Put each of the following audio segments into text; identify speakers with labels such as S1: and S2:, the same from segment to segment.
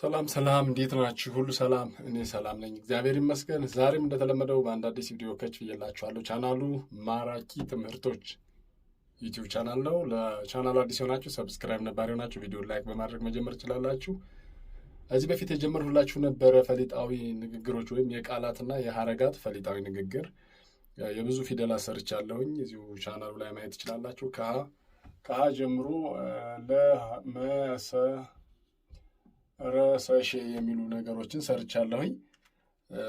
S1: ሰላም ሰላም፣ እንዴት ናችሁ? ሁሉ ሰላም? እኔ ሰላም ነኝ፣ እግዚአብሔር ይመስገን። ዛሬም እንደተለመደው በአንድ አዲስ ቪዲዮ ከች ብዬላችኋለሁ። ቻናሉ ማራኪ ትምህርቶች ዩቲዩብ ቻናል ነው። ለቻናሉ አዲስ የሆናችሁ ሰብስክራይብ፣ ነባሪ የሆናችሁ ቪዲዮ ላይክ በማድረግ መጀመር ትችላላችሁ። እዚህ በፊት የጀመርሁላችሁ ነበረ ፈሊጣዊ ንግግሮች ወይም የቃላትና የሀረጋት ፈሊጣዊ ንግግር የብዙ አሰርች ያለውኝ እዚሁ ቻናሉ ላይ ማየት ትችላላችሁ። ከሀ ጀምሮ ለመሰ ረሰሼ የሚሉ ነገሮችን ሰርቻለሁኝ።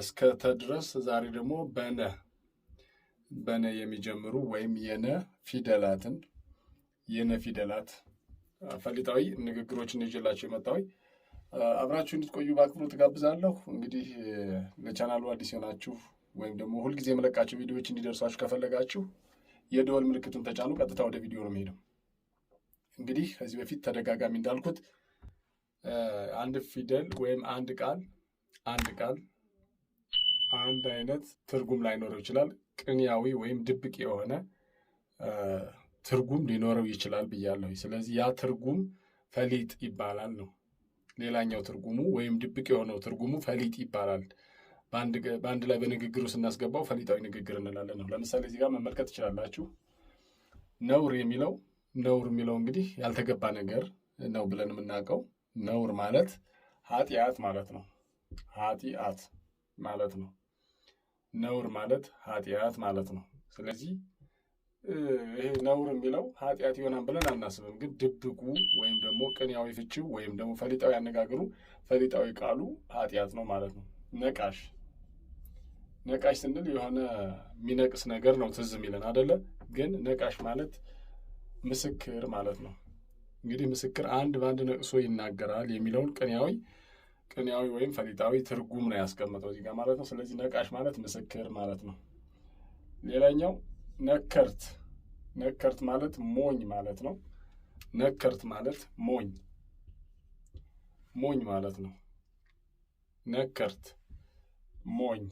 S1: እስከ ተድረስ ዛሬ ደግሞ በነ በነ የሚጀምሩ ወይም የነ ፊደላትን የነ ፊደላት ፈሊጣዊ ንግግሮችን ይዤላችሁ የመጣሁኝ አብራችሁ እንድትቆዩ በአክብሮት ጋብዛለሁ። እንግዲህ ለቻናሉ አዲስ የሆናችሁ ወይም ደግሞ ሁልጊዜ የመለቃቸው ቪዲዮዎች እንዲደርሷችሁ ከፈለጋችሁ የደወል ምልክቱን ተጫኑ። ቀጥታ ወደ ቪዲዮ ነው የሚሄደው። እንግዲህ ከዚህ በፊት ተደጋጋሚ እንዳልኩት አንድ ፊደል ወይም አንድ ቃል አንድ ቃል አንድ አይነት ትርጉም ላይኖረው ይችላል። ቅንያዊ ወይም ድብቅ የሆነ ትርጉም ሊኖረው ይችላል ብያለሁ። ስለዚህ ያ ትርጉም ፈሊጥ ይባላል ነው። ሌላኛው ትርጉሙ ወይም ድብቅ የሆነው ትርጉሙ ፈሊጥ ይባላል። በአንድ ላይ በንግግሩ ስናስገባው ፈሊጣዊ ንግግር እንላለን ነው። ለምሳሌ እዚህ ጋር መመልከት ትችላላችሁ። ነውር የሚለው ነውር የሚለው እንግዲህ ያልተገባ ነገር ነው ብለን የምናውቀው ነውር ማለት ኃጢአት ማለት ነው። ኃጢአት ማለት ነው። ነውር ማለት ኃጢአት ማለት ነው። ስለዚህ ይሄ ነውር የሚለው ኃጢአት ይሆናል ብለን አናስብም። ግን ድብቁ ወይም ደግሞ ቅኔያዊ ፍቺው ወይም ደግሞ ፈሊጣዊ አነጋገሩ ፈሊጣዊ ቃሉ ኃጢአት ነው ማለት ነው። ነቃሽ ነቃሽ ስንል የሆነ የሚነቅስ ነገር ነው ትዝ የሚለን አደለ? ግን ነቃሽ ማለት ምስክር ማለት ነው። እንግዲህ ምስክር አንድ በአንድ ነቅሶ ይናገራል የሚለውን ቅኔያዊ ቅኔያዊ ወይም ፈሊጣዊ ትርጉም ነው ያስቀመጠው እዚጋ ማለት ነው። ስለዚህ ነቃሽ ማለት ምስክር ማለት ነው። ሌላኛው ነከርት፣ ነከርት ማለት ሞኝ ማለት ነው። ነከርት ማለት ሞኝ ሞኝ ማለት ነው። ነከርት ሞኝ።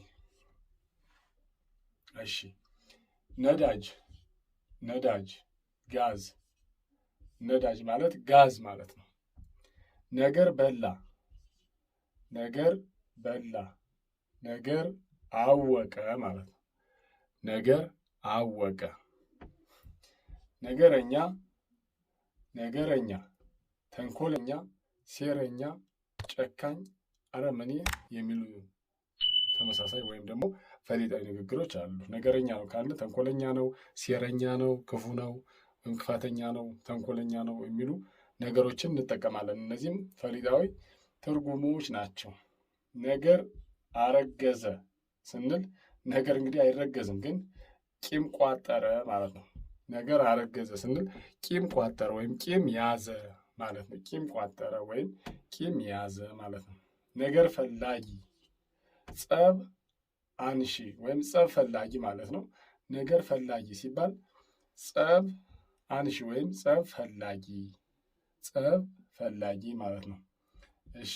S1: እሺ ነዳጅ ነዳጅ ጋዝ ነዳጅ ማለት ጋዝ ማለት ነው። ነገር በላ ነገር በላ ነገር አወቀ ማለት ነው። ነገር አወቀ። ነገረኛ ነገረኛ፣ ተንኮለኛ፣ ሴረኛ፣ ጨካኝ፣ አረመኔ የሚሉ ተመሳሳይ ወይም ደግሞ ፈሊጣዊ ንግግሮች አሉ። ነገረኛ ነው ካለ ተንኮለኛ ነው፣ ሴረኛ ነው፣ ክፉ ነው እንክፋተኛ ነው፣ ተንኮለኛ ነው የሚሉ ነገሮችን እንጠቀማለን። እነዚህም ፈሊጣዊ ትርጉሞች ናቸው። ነገር አረገዘ ስንል ነገር እንግዲህ አይረገዝም፣ ግን ቂም ቋጠረ ማለት ነው። ነገር አረገዘ ስንል ቂም ቋጠረ ወይም ቂም ያዘ ማለት ነው። ቂም ቋጠረ ወይም ቂም ያዘ ማለት ነው። ነገር ፈላጊ፣ ጸብ አንሺ ወይም ጸብ ፈላጊ ማለት ነው። ነገር ፈላጊ ሲባል ጸብ አንሺ ወይም ጸብ ፈላጊ ጸብ ፈላጊ ማለት ነው። እሺ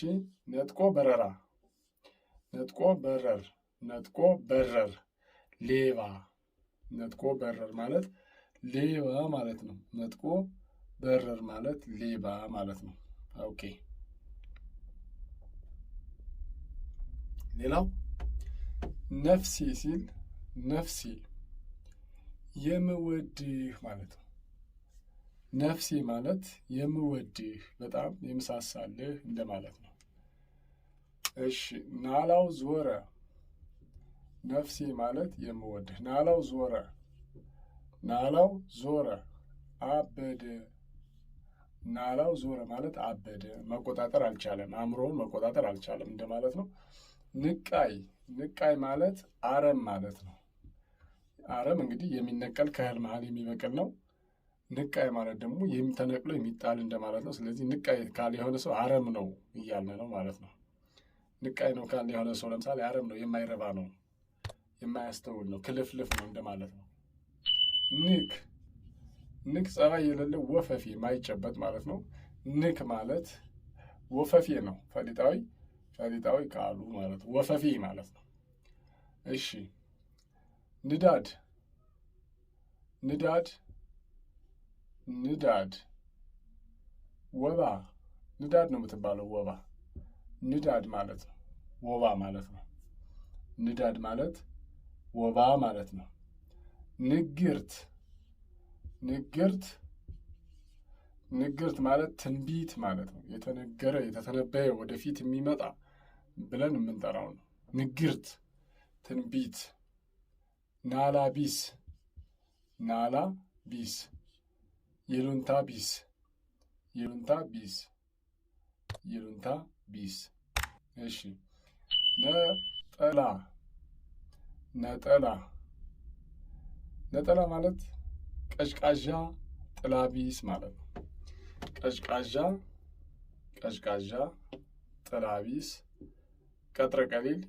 S1: ነጥቆ በረራ፣ ነጥቆ በረር፣ ነጥቆ በረር፣ ሌባ ነጥቆ በረር ማለት ሌባ ማለት ነው። ነጥቆ በረር ማለት ሌባ ማለት ነው። ኦኬ ሌላው ነፍሴ ሲል ነፍሴ የምወድህ ማለት ነው። ነፍሴ ማለት የምወድህ በጣም የምሳሳልህ እንደማለት ነው። እሺ ናላው ዞረ። ነፍሴ ማለት የምወድህ። ናላው ዞረ፣ ናላው ዞረ፣ አበደ። ናላው ዞረ ማለት አበደ፣ መቆጣጠር አልቻለም፣ አእምሮውን መቆጣጠር አልቻለም እንደማለት ነው። ንቃይ፣ ንቃይ ማለት አረም ማለት ነው። አረም እንግዲህ የሚነቀል ከእህል መሀል የሚበቅል ነው። ንቃይ ማለት ደግሞ ተነቅሎ የሚጣል እንደማለት ነው። ስለዚህ ንቃይ ካል የሆነ ሰው አረም ነው እያልን ነው ማለት ነው። ንቃይ ነው ካል የሆነ ሰው ለምሳሌ አረም ነው፣ የማይረባ ነው፣ የማያስተውል ነው፣ ክልፍልፍ ነው እንደማለት ነው። ንክ ንክ ጸባይ የሌለው ወፈፌ የማይጨበጥ ማለት ነው። ንክ ማለት ወፈፌ ነው። ፈሊጣዊ ፈሊጣዊ ቃሉ ማለት ነው። ወፈፌ ማለት ነው። እሺ ንዳድ ንዳድ ንዳድ ወባ ንዳድ ነው የምትባለው። ወባ ንዳድ ማለት ነው። ወባ ማለት ነው። ንዳድ ማለት ወባ ማለት ነው። ንግርት ንግርት ንግርት ማለት ትንቢት ማለት ነው። የተነገረ የተተነበየ ወደፊት የሚመጣ ብለን የምንጠራው ነው። ንግርት ትንቢት። ናላ ቢስ ናላ ቢስ ይሉኝታ ቢስ ይሉኝታ ቢስ ይሉኝታ ቢስ። እሺ ነጠላ ነጠላ ነጠላ ማለት ቀዥቃዣ ጥላ ቢስ ማለት ነው። ቀዥቃዣ ቀዥቃዣ ጥላ ቢስ ቀጥረ ቀሊል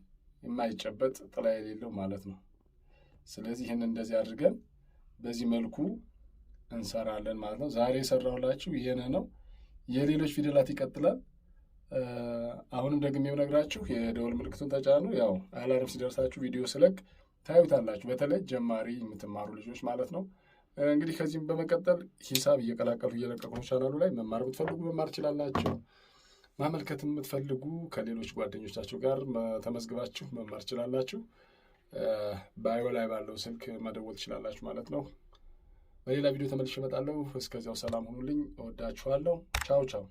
S1: የማይጨበጥ ጥላ የሌለው ማለት ነው። ስለዚህ ይህን እንደዚህ አድርገን በዚህ መልኩ እንሰራለን ማለት ነው። ዛሬ የሰራሁላችሁ ይህን ነው። የሌሎች ፊደላት ይቀጥላል። አሁንም ደግሜ የምነግራችሁ የደወል ምልክቱን ተጫኑ። ያው አላርም ሲደርሳችሁ ቪዲዮ ስለቅ ታዩታላችሁ። በተለይ ጀማሪ የምትማሩ ልጆች ማለት ነው። እንግዲህ ከዚህም በመቀጠል ሂሳብ እየቀላቀሉ እየለቀቁ ቻናሉ ላይ መማር የምትፈልጉ መማር ትችላላችሁ። ማመልከት የምትፈልጉ ከሌሎች ጓደኞቻችሁ ጋር ተመዝግባችሁ መማር ትችላላችሁ። ባዮ ላይ ባለው ስልክ መደወል ትችላላችሁ ማለት ነው። በሌላ ቪዲዮ ተመልሼ እመጣለሁ። እስከዚያው ሰላም ሁኑልኝ። እወዳችኋለሁ። ቻው ቻው።